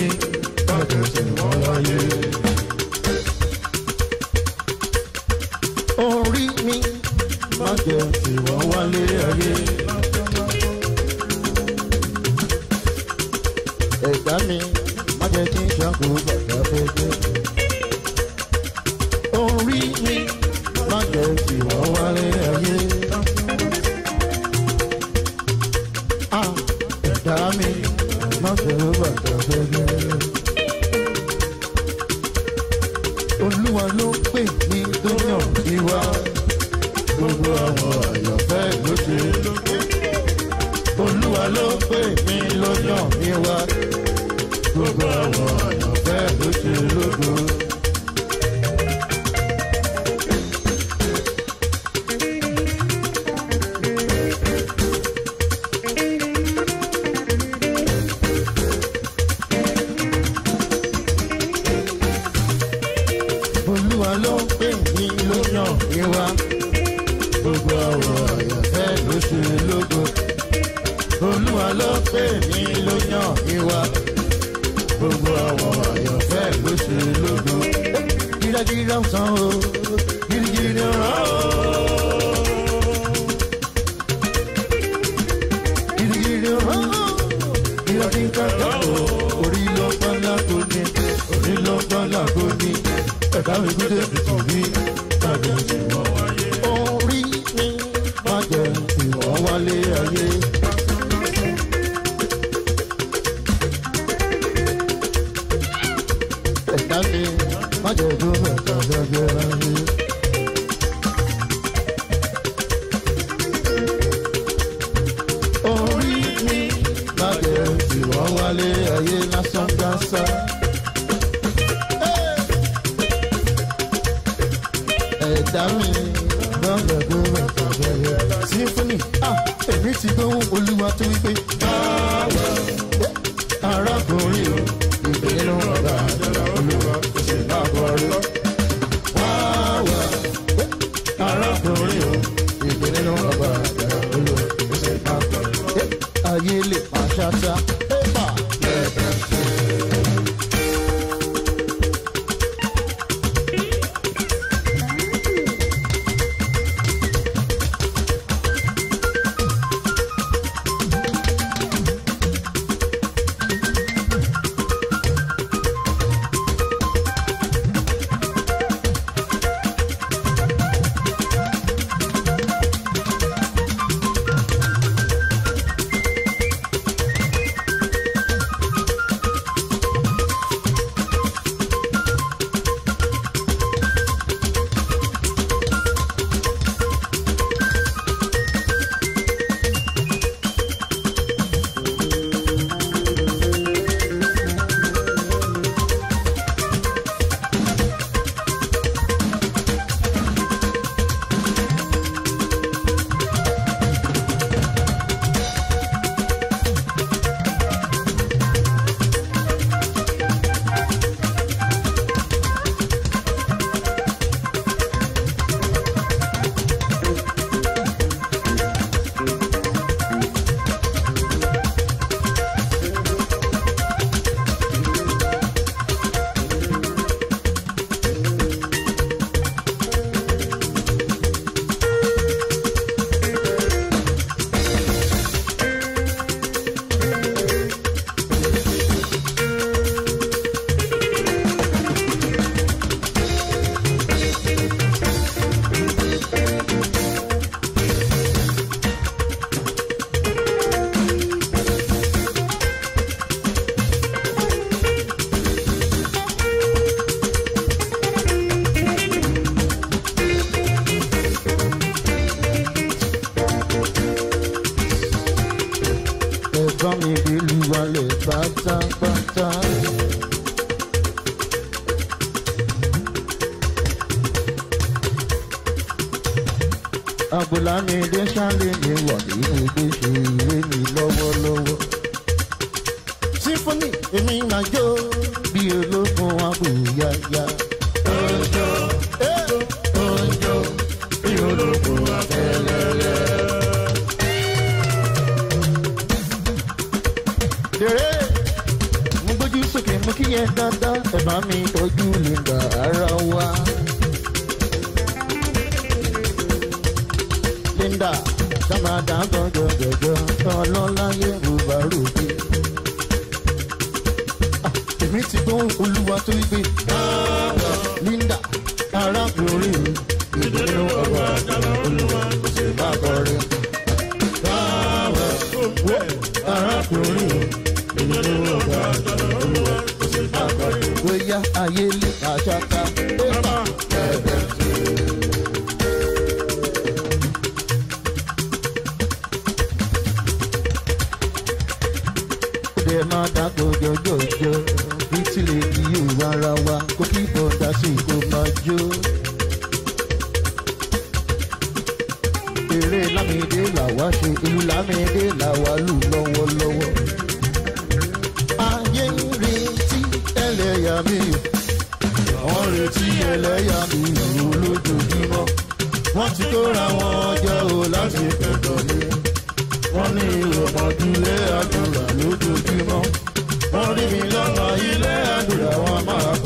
láyé má tẹ̀sẹ̀ wọn láyé. orí mi má tẹ̀sẹ̀ wọn wálé ayé. ẹ̀dá mi má jẹ́ kí n ṣàkóso bàtà fẹ́ olúwa ló pè mí tó yàn mí wá gbogbo àwọn àyànfẹ́ ló ṣe olúwa ló pè mí ló yàn gbogbo àwọn àyànfẹ́ ló ṣe lógo. olúwa ló ń pè mí ló yàn mí wá. gbogbo ọ̀rọ̀ àyànfẹ́ ló ṣe lógo. olúwa ló ń pè mí ló yàn mí wá. gbogbo ọ̀rọ̀ àyànfẹ́ ló ṣe lógo. gírágírí rán san o gírígírí rán o. gírígírí rán o gírígírí rán o. ẹ̀dáwé gbédé tutù rí ní fúnni ah, èmi ti gbóhùn olúwa tó wípé. Eh, arákùnrin o. kù yáyá. òjò òjò bí olóko afẹ́lẹ́lẹ́. dèrè mo gbójú sókè mo kíyè dáadáa ẹ̀ bá mi tó. eré lámìdé làwa ṣe ìlú lámìdé làwa lù lọ́wọ́lọ́wọ́. ayé ń retí ẹlẹ́yà mi wọ́n retí ẹlẹ́yà mi ìlú lójoojúmọ́ wọ́n ti kóra wọn jẹ́ o láti pẹ̀tọ́ ni wọ́n ní ìrọ̀mọ́dúnlé àdúrà lójoojúmọ́ wọ́n rí mi lọ́nà ilé àdúrà wọn máa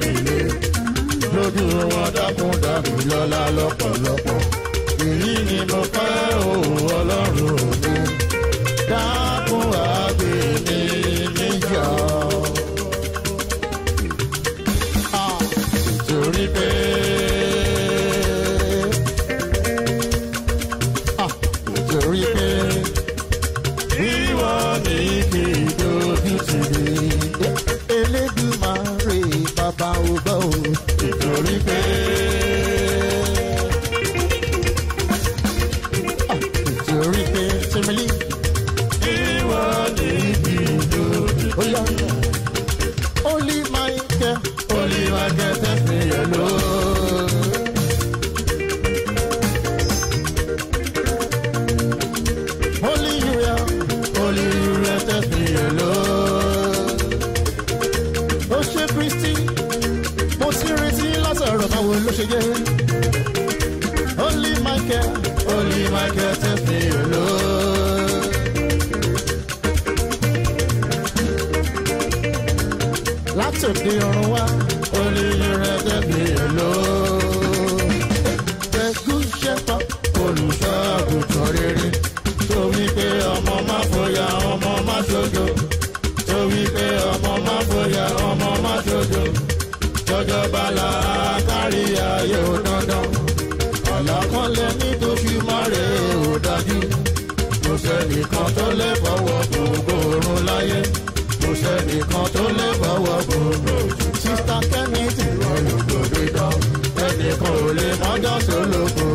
mi lé lójú wọn dákun dá mi lọ́lá lọ́pọ̀lọpọ̀. lè fọwọ́ gbogbo oorun láyé kò sẹ́nìkan tó lè fọwọ́ gbogbo sísá kẹ́mi ti rọrùn gbòdìdán ẹnìkan ò lè mọ́jọ́sọ lóko.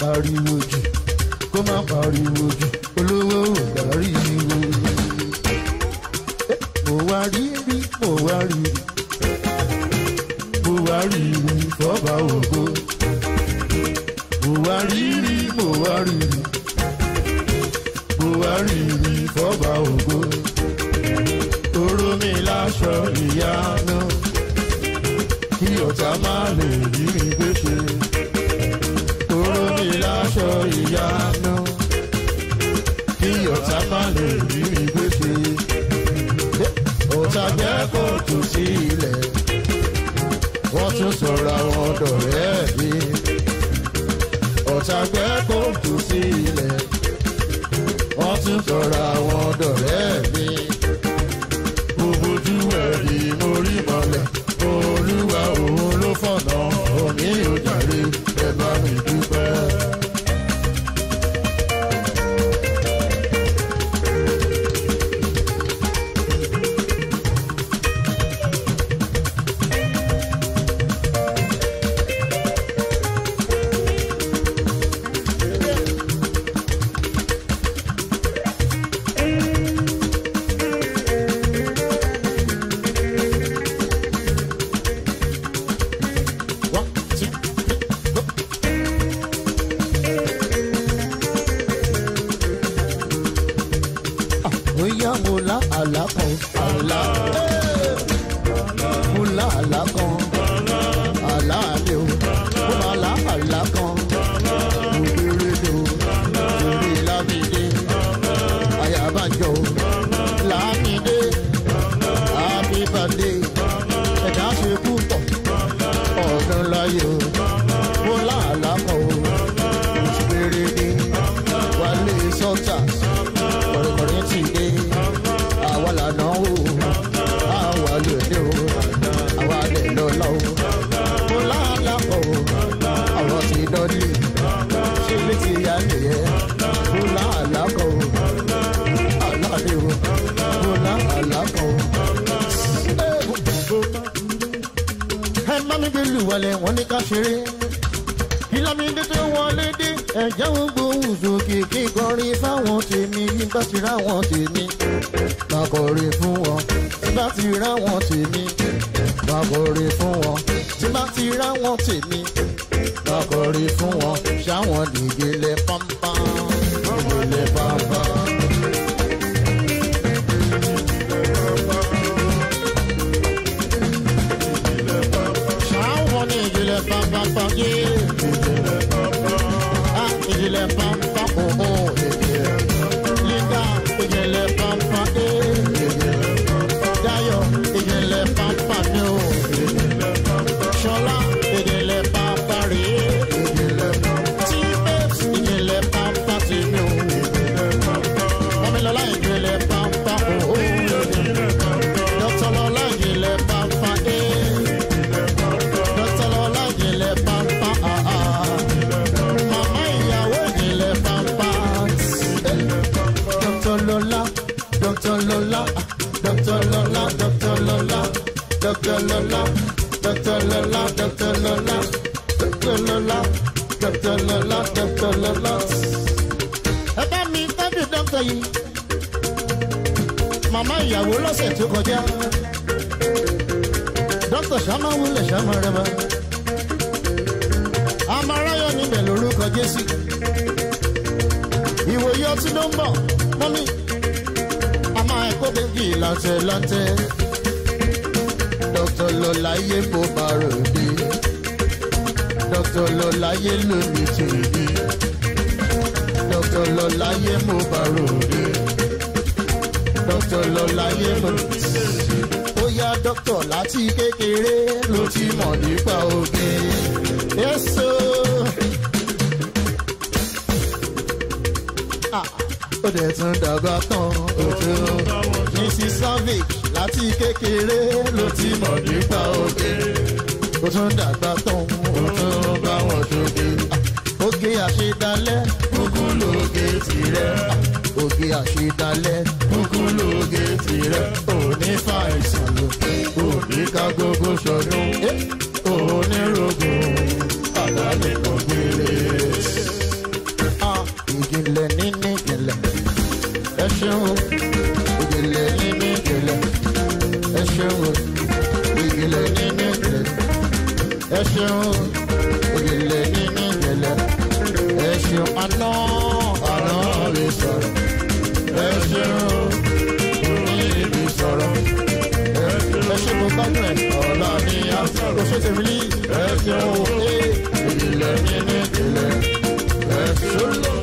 pariwo jù kó má pariwo jù olówó ò dárí lè rí mi gbé ṣe. Ọ̀tá jẹ́ kó tù sí ilẹ̀. Wọ́n tún sọ̀rọ̀ àwọn ọ̀dọ̀ rẹ̀ bí. Ọ̀tá jẹ́ kó sí ilẹ̀. Wọ́n tún sọ̀rọ̀ àwọn. sókè kí kọrin fáwọn tèmi bí bá ti ráwọn tèmi bá kọrin fún wọn bí bá ti ráwọn tèmi bá kọrin fún wọn bí bá ti ráwọn tèmi bá kọrin fún wọn ṣáwọn dìgbélé pampan dìgbélé pampan. Dr. Lola, Dr. Lola, Dr. Lola, Dr. Lola, Dr. Lola, Dr. Lola, Dr. Lola, Dr. Lola, Dr. Lola. Ẹ bá mi tọ́jú dọ́kítọ̀ yìí. Màmá ìyàwó lọ́sẹ̀ tó kọjá. Dókítà Ṣámá wúlẹ̀ Ṣámá rẹwà. Amaráyọ̀ níbẹ̀ lórúkọ Jésù. Ìwòye ọtí ló ń bọ̀, mọ́mí. Kobengi lante lante Dr. Lolaye Bobarode Dr. Lolaye Lumitidi Dr. Lolaye Bobarode Dr. Lolaye Lumitidi Bóyá dókítà láti kékeré ló ti mọ̀ nípa oge. Yes, sir. ó dẹ̀ tún dàgbà tán òjò. Mrs Savage láti kékeré ló ti mọ̀ nípa oge. Ó tún dàgbà tán ó tún bá wọn ṣoge. Oge àṣedalẹ̀ kúkú lóge tirẹ̀. Oge àṣedalẹ̀ kúkú lóge tirẹ̀. Òní fàìsàn lòkè, òní ká gbogbo ṣọdún. ẹ ṣeun òdìlẹ̀ nínú ìjẹ̀lẹ̀ ẹ ṣeun aná àná lè sọ̀rọ̀ ẹ ṣeun òní ìlú sọ̀rọ̀ ẹ ṣe mo gbádùn ẹ ọ̀la ni a sọ̀rọ̀ ṣe tèmi ní ẹ ṣeun òní ìjẹ̀lẹ̀ nínú ìjẹ̀lẹ̀ ẹ ṣeun.